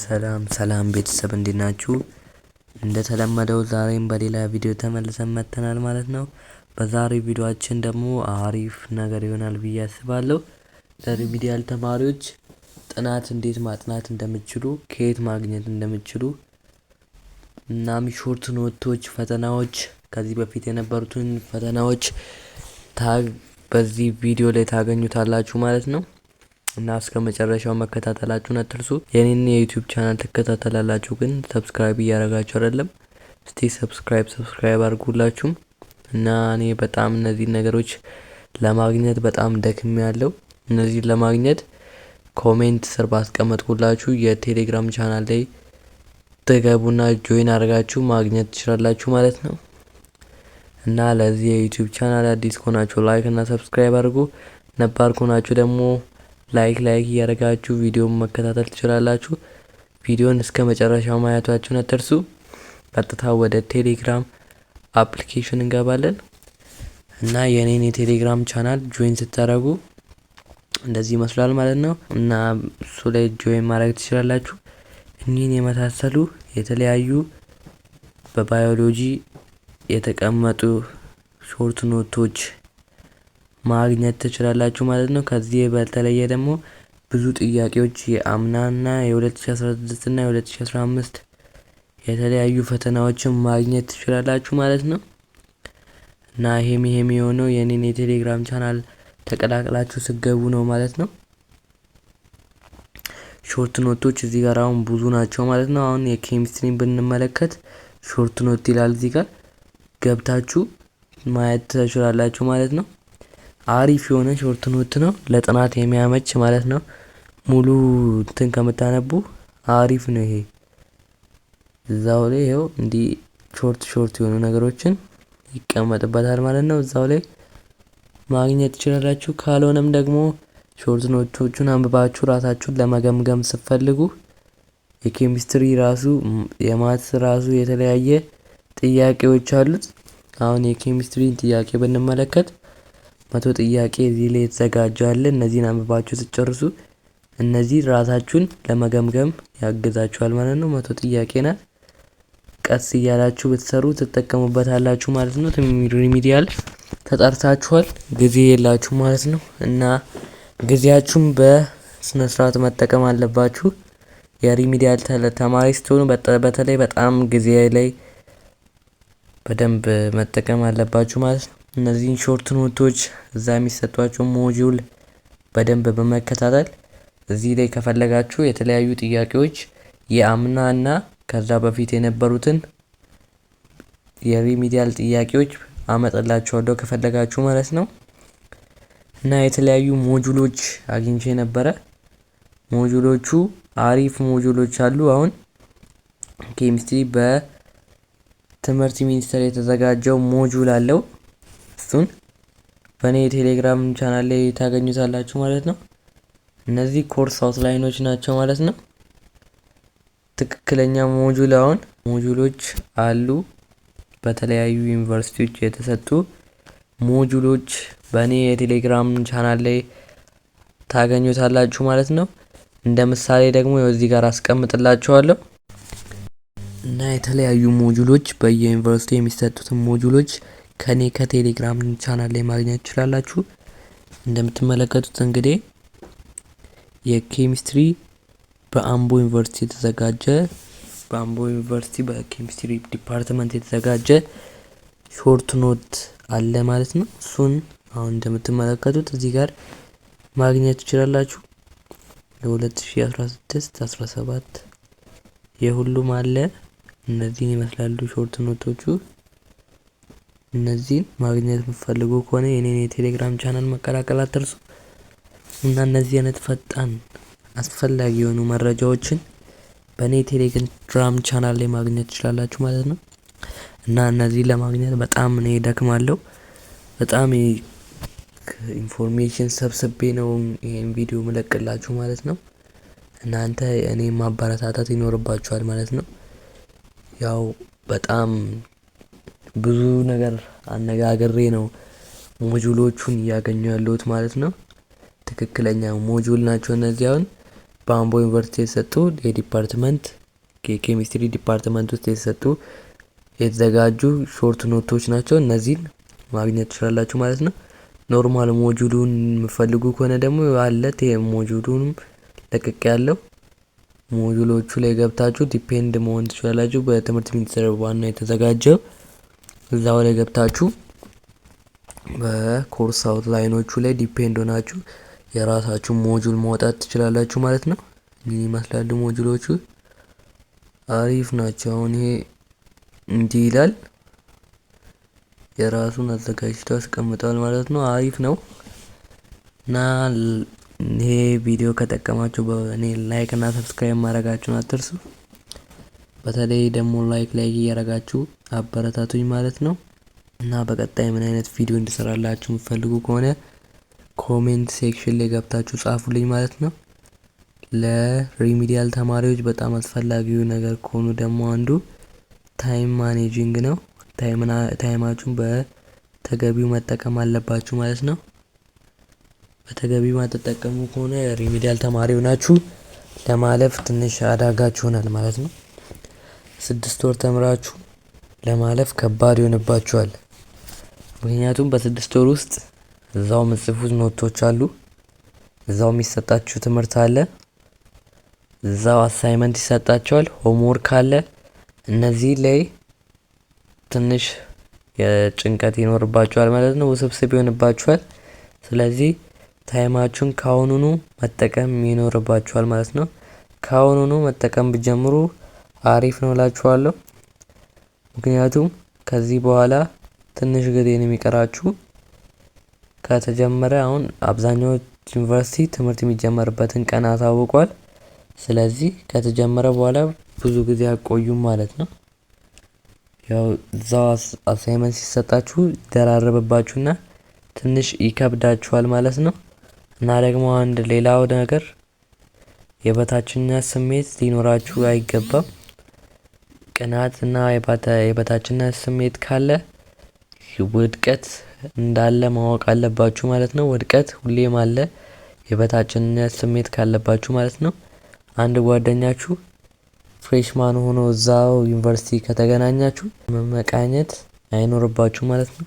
ሰላም ሰላም ቤተሰብ እንዴት ናችሁ? እንደተለመደው ዛሬም በሌላ ቪዲዮ ተመልሰን መጥተናል ማለት ነው። በዛሬው ቪዲዮአችን ደግሞ አሪፍ ነገር ይሆናል ብዬ አስባለሁ። ለሪሚዲያል ተማሪዎች ጥናት እንዴት ማጥናት እንደምችሉ፣ ከየት ማግኘት እንደምችሉ እናም ሾርት ኖቶች፣ ፈተናዎች ከዚህ በፊት የነበሩትን ፈተናዎች በዚህ ቪዲዮ ላይ ታገኙታላችሁ ማለት ነው። እና እስከ መጨረሻው መከታተላችሁን አትርሱ። የኔን የዩቲዩብ ቻናል ትከታተላላችሁ፣ ግን ሰብስክራይብ እያደረጋችሁ አይደለም። እስቲ ሰብስክራይብ ሰብስክራይብ አድርጉላችሁም እና እኔ በጣም እነዚህን ነገሮች ለማግኘት በጣም ደክም ያለው እነዚህን ለማግኘት ኮሜንት ስር ባስቀመጥኩላችሁ የቴሌግራም ቻናል ላይ ትገቡና ጆይን አድርጋችሁ ማግኘት ትችላላችሁ ማለት ነው። እና ለዚህ የዩቲዩብ ቻናል አዲስ ከሆናችሁ ላይክ እና ሰብስክራይብ አድርጉ። ነባር ከሆናችሁ ደግሞ ላይክ ላይክ እያደረጋችሁ ቪዲዮን መከታተል ትችላላችሁ። ቪዲዮን እስከ መጨረሻው ማየታችሁን አትርሱ። ቀጥታ ወደ ቴሌግራም አፕሊኬሽን እንገባለን እና የኔን የቴሌግራም ቻናል ጆይን ስታደርጉ እንደዚህ ይመስላል ማለት ነው እና እሱ ላይ ጆይን ማድረግ ትችላላችሁ። እኒህን የመሳሰሉ የተለያዩ በባዮሎጂ የተቀመጡ ሾርት ኖቶች ማግኘት ትችላላችሁ ማለት ነው። ከዚህ በተለየ ደግሞ ብዙ ጥያቄዎች የአምናና የ2016 እና የ2015 የተለያዩ ፈተናዎችን ማግኘት ትችላላችሁ ማለት ነው። እና ይሄም ይሄም የሆነው የኔን የቴሌግራም ቻናል ተቀላቅላችሁ ስገቡ ነው ማለት ነው። ሾርት ኖቶች እዚህ ጋር አሁን ብዙ ናቸው ማለት ነው። አሁን የኬሚስትሪን ብንመለከት ሾርት ኖት ይላል እዚህ ጋር ገብታችሁ ማየት ትችላላችሁ ማለት ነው። አሪፍ የሆነ ሾርት ኖት ነው፣ ለጥናት የሚያመች ማለት ነው። ሙሉ እንትን ከምታነቡ አሪፍ ነው ይሄ። እዛው ላይ ይኸው እንዲህ ሾርት ሾርት የሆኑ ነገሮችን ይቀመጥበታል ማለት ነው። እዛው ላይ ማግኘት ትችላላችሁ። ካልሆነም ደግሞ ሾርት ኖቶቹን አንብባችሁ ራሳችሁን ለመገምገም ስትፈልጉ የኬሚስትሪ ራሱ የማትስ ራሱ የተለያየ ጥያቄዎች አሉት። አሁን የኬሚስትሪን ጥያቄ ብንመለከት መቶ ጥያቄ እዚህ ላይ የተዘጋጁ አለ። እነዚህን አንብባችሁ ስትጨርሱ እነዚህ ራሳችሁን ለመገምገም ያግዛችኋል ማለት ነው። መቶ ጥያቄ ናት። ቀስ እያላችሁ ብትሰሩ ትጠቀሙበታላችሁ ማለት ነው። ሪሚዲያል ተጠርታችኋል፣ ጊዜ የላችሁ ማለት ነው እና ጊዜያችሁን በስነስርዓት መጠቀም አለባችሁ። የሪሚዲያል ተማሪ ስትሆኑ በተለይ በጣም ጊዜ ላይ በደንብ መጠቀም አለባችሁ ማለት ነው። እነዚህን ሾርት ኖቶች እዛ የሚሰጧቸው ሞጁል በደንብ በመከታተል እዚህ ላይ ከፈለጋችሁ የተለያዩ ጥያቄዎች የአምና እና ከዛ በፊት የነበሩትን የሪሚዲያል ጥያቄዎች አመጣላችኋለሁ ከፈለጋችሁ ማለት ነው። እና የተለያዩ ሞጁሎች አግኝቼ ነበረ። ሞጁሎቹ አሪፍ ሞጁሎች አሉ። አሁን ኬሚስትሪ በትምህርት ሚኒስቴር የተዘጋጀው ሞጁል አለው። ቴክስቱን በእኔ የቴሌግራም ቻናል ላይ ታገኙታላችሁ ማለት ነው። እነዚህ ኮርስ አውትላይኖች ናቸው ማለት ነው። ትክክለኛ ሞጁል አሁን ሞጁሎች አሉ በተለያዩ ዩኒቨርሲቲዎች የተሰጡ ሞጁሎች በእኔ የቴሌግራም ቻናል ላይ ታገኙታላችሁ ማለት ነው። እንደ ምሳሌ ደግሞ የዚህ ጋር አስቀምጥላችኋለሁ እና የተለያዩ ሞጁሎች በየዩኒቨርሲቲ የሚሰጡትን ሞጁሎች ከኔ ከቴሌግራም ቻናል ላይ ማግኘት ትችላላችሁ። እንደምትመለከቱት እንግዲህ የኬሚስትሪ በአምቦ ዩኒቨርሲቲ የተዘጋጀ በአምቦ ዩኒቨርሲቲ በኬሚስትሪ ዲፓርትመንት የተዘጋጀ ሾርት ኖት አለ ማለት ነው። እሱን አሁን እንደምትመለከቱት እዚህ ጋር ማግኘት ትችላላችሁ። የ2016 17 የሁሉም አለ። እነዚህን ይመስላሉ ሾርት ኖቶቹ። እነዚህን ማግኘት የምትፈልጉ ከሆነ የኔን የቴሌግራም ቻናል መቀላቀል አትርሱ እና እነዚህ አይነት ፈጣን አስፈላጊ የሆኑ መረጃዎችን በእኔ ቴሌግራም ቻናል ላይ ማግኘት ትችላላችሁ ማለት ነው። እና እነዚህን ለማግኘት በጣም እኔ ደክማለሁ። በጣም ኢንፎርሜሽን ሰብስቤ ነው ይህን ቪዲዮ ምለቅላችሁ ማለት ነው። እናንተ እኔ ማበረታታት ይኖርባችኋል ማለት ነው። ያው በጣም ብዙ ነገር አነጋግሬ ነው ሞጁሎቹን እያገኙ ያለሁት ማለት ነው። ትክክለኛ ሞጁል ናቸው እነዚህ አሁን በአምቦ ዩኒቨርሲቲ የተሰጡ የዲፓርትመንት የኬሚስትሪ ዲፓርትመንት ውስጥ የተሰጡ የተዘጋጁ ሾርት ኖቶች ናቸው። እነዚህን ማግኘት ትችላላችሁ ማለት ነው። ኖርማል ሞጁሉን የምፈልጉ ከሆነ ደግሞ አለት ሞጁሉንም ለቅቅ ያለው ሞጁሎቹ ላይ ገብታችሁ ዲፔንድ መሆን ትችላላችሁ። በትምህርት ሚኒስቴር ዋና የተዘጋጀው እዛው ላይ ገብታችሁ በኮርስ አውትላይኖቹ ላይ ዲፔንድ ሆናችሁ የራሳችሁ ሞጁል ማውጣት ትችላላችሁ ማለት ነው። እንግዲህ ይመስላሉ ሞጁሎቹ አሪፍ ናቸው። አሁን ይሄ እንዲህ ይላል የራሱን አዘጋጅቶ አስቀምጠዋል ማለት ነው። አሪፍ ነው እና ይሄ ቪዲዮ ከጠቀማችሁ በእኔ ላይክ እና ሰብስክራይብ ማድረጋችሁን አትርሱ። በተለይ ደግሞ ላይክ ላይክ እያደረጋችሁ አበረታቱኝ ማለት ነው። እና በቀጣይ ምን አይነት ቪዲዮ እንድሰራላችሁ የምትፈልጉ ከሆነ ኮሜንት ሴክሽን ላይ ገብታችሁ ጻፉልኝ ማለት ነው። ለሪሚዲያል ተማሪዎች በጣም አስፈላጊው ነገር ከሆኑ ደግሞ አንዱ ታይም ማኔጂንግ ነው። ታይማችሁን በተገቢው መጠቀም አለባችሁ ማለት ነው። በተገቢው ማትጠቀሙ ከሆነ ሪሚዲያል ተማሪው ናችሁ ለማለፍ ትንሽ አዳጋች ይሆናል ማለት ነው። ስድስት ወር ተምራችሁ ለማለፍ ከባድ ይሆንባችኋል። ምክንያቱም በስድስት ወር ውስጥ እዛው ምጽፉት ኖቶች አሉ፣ እዛው የሚሰጣችሁ ትምህርት አለ፣ እዛው አሳይመንት ይሰጣችኋል፣ ሆምወርክ አለ። እነዚህ ላይ ትንሽ የጭንቀት ይኖርባችኋል ማለት ነው፣ ውስብስብ ይሆንባችኋል። ስለዚህ ታይማችሁን ካሁኑኑ መጠቀም ይኖርባችኋል ማለት ነው። ካሁኑኑ መጠቀም ብጀምሩ አሪፍ ነው እላችኋለሁ። ምክንያቱም ከዚህ በኋላ ትንሽ ጊዜ ነው የሚቀራችሁ። ከተጀመረ አሁን አብዛኛዎች ዩኒቨርሲቲ ትምህርት የሚጀመርበትን ቀን አሳውቋል። ስለዚህ ከተጀመረ በኋላ ብዙ ጊዜ አቆዩም ማለት ነው። ያው እዛው አሳይመንት ሲሰጣችሁ ይደራረብባችሁና ትንሽ ይከብዳችኋል ማለት ነው። እና ደግሞ አንድ ሌላው ነገር የበታችነት ስሜት ሊኖራችሁ አይገባም። ቅናትና የበታችነት ስሜት ካለ ውድቀት እንዳለ ማወቅ አለባችሁ ማለት ነው። ውድቀት ሁሌም አለ። የበታችነት ስሜት ካለባችሁ ማለት ነው። አንድ ጓደኛችሁ ፍሬሽማን ሆኖ እዛው ዩኒቨርሲቲ ከተገናኛችሁ መመቃኘት አይኖርባችሁ ማለት ነው።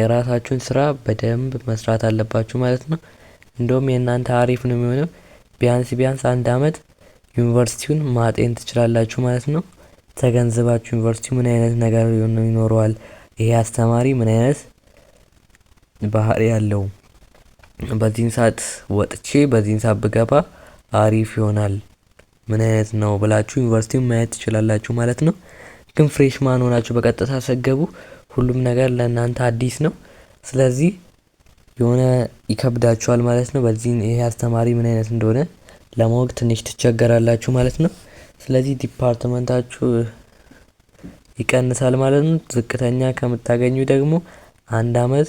የራሳችሁን ስራ በደንብ መስራት አለባችሁ ማለት ነው። እንደውም የእናንተ አሪፍ ነው የሚሆነው። ቢያንስ ቢያንስ አንድ አመት ዩኒቨርሲቲውን ማጤን ትችላላችሁ ማለት ነው። ተገንዝባችሁ ዩኒቨርሲቲ ምን አይነት ነገር ይኖረዋል፣ ይሄ አስተማሪ ምን አይነት ባህሪ ያለው፣ በዚህን ሰዓት ወጥቼ በዚህን ሰዓት ብገባ አሪፍ ይሆናል፣ ምን አይነት ነው ብላችሁ ዩኒቨርሲቲ ማየት ትችላላችሁ ማለት ነው። ግን ማን ሆናችሁ በቀጥታ ሰገቡ፣ ሁሉም ነገር ለእናንተ አዲስ ነው። ስለዚህ የሆነ ይከብዳችኋል ማለት ነው። በዚህ ይሄ አስተማሪ ምን አይነት እንደሆነ ለማወቅ ትንሽ ትቸገራላችሁ ማለት ነው። ስለዚህ ዲፓርትመንታችሁ ይቀንሳል ማለት ነው። ዝቅተኛ ከምታገኙ ደግሞ አንድ አመት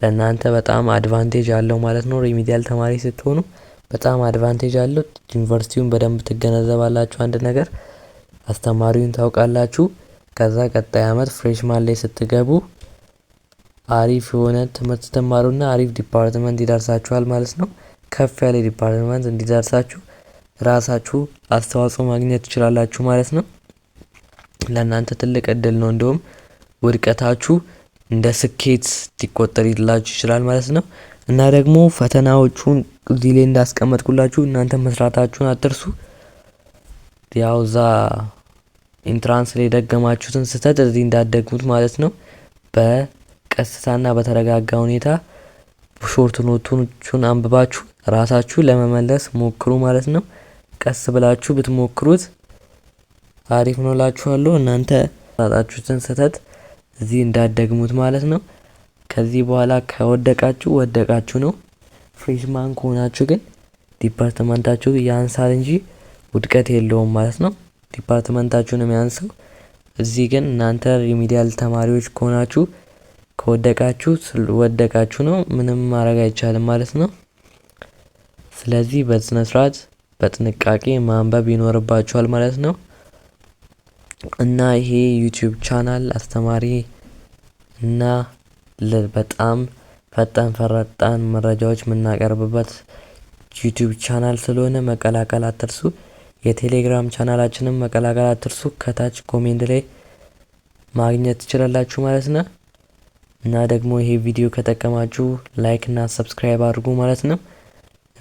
ለእናንተ በጣም አድቫንቴጅ አለው ማለት ነው። ሪሚዲያል ተማሪ ስትሆኑ በጣም አድቫንቴጅ አለው። ዩኒቨርሲቲውን በደንብ ትገነዘባላችሁ። አንድ ነገር አስተማሪውን ታውቃላችሁ። ከዛ ቀጣይ አመት ፍሬሽማን ላይ ስትገቡ አሪፍ የሆነ ትምህርት ትማሩና አሪፍ ዲፓርትመንት ይደርሳችኋል ማለት ነው። ከፍ ያለ ዲፓርትመንት እንዲደርሳችሁ ራሳችሁ አስተዋጽኦ ማግኘት ትችላላችሁ ማለት ነው። ለእናንተ ትልቅ እድል ነው። እንዲሁም ውድቀታችሁ እንደ ስኬት ሊቆጠርላችሁ ይችላል ማለት ነው። እና ደግሞ ፈተናዎቹን እዚህ ላይ እንዳስቀመጥኩላችሁ እናንተ መስራታችሁን አትርሱ። ያው እዛ ኢንትራንስ ላይ የደገማችሁትን ስህተት እዚህ እንዳደግሙት ማለት ነው። በቀስታና በተረጋጋ ሁኔታ ሾርት ኖቶቹን አንብባችሁ ራሳችሁ ለመመለስ ሞክሩ ማለት ነው። ቀስ ብላችሁ ብትሞክሩት አሪፍ ነው ላችኋለሁ። እናንተ ጣጣችሁትን ስህተት እዚህ እንዳደግሙት ማለት ነው። ከዚህ በኋላ ከወደቃችሁ ወደቃችሁ ነው። ፍሬሽማን ከሆናችሁ ግን ዲፓርትመንታችሁ ያንሳል እንጂ ውድቀት የለውም ማለት ነው። ዲፓርትመንታችሁ የሚያንሰው። እዚህ ግን እናንተ ሪሚዲያል ተማሪዎች ከሆናችሁ ከወደቃችሁ ወደቃችሁ ነው። ምንም ማድረግ አይቻልም ማለት ነው። ስለዚህ በስነ ስርዓት በጥንቃቄ ማንበብ ይኖርባችኋል ማለት ነው። እና ይሄ ዩቲዩብ ቻናል አስተማሪ እና በጣም ፈጣን ፈረጣን መረጃዎች የምናቀርብበት ዩቲዩብ ቻናል ስለሆነ መቀላቀል አትርሱ። የቴሌግራም ቻናላችንም መቀላቀል አትርሱ። ከታች ኮሜንት ላይ ማግኘት ትችላላችሁ ማለት ነው። እና ደግሞ ይሄ ቪዲዮ ከጠቀማችሁ ላይክ እና ሰብስክራይብ አድርጉ ማለት ነው።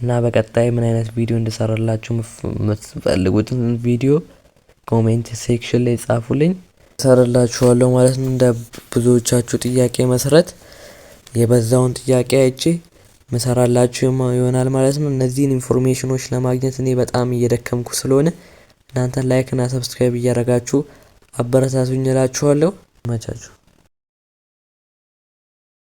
እና በቀጣይ ምን አይነት ቪዲዮ እንድሰራላችሁ የምትፈልጉትን ቪዲዮ ኮሜንት ሴክሽን ላይ ጻፉልኝ፣ እሰራላችኋለሁ ማለት ነው። እንደ ብዙዎቻችሁ ጥያቄ መሰረት የበዛውን ጥያቄ አይቼ መሰራላችሁ ይሆናል ማለት ነው። እነዚህን ኢንፎርሜሽኖች ለማግኘት እኔ በጣም እየደከምኩ ስለሆነ እናንተ ላይክ እና ሰብስክራይብ እያደረጋችሁ አበረታቱኝ እላችኋለሁ። መቻችሁ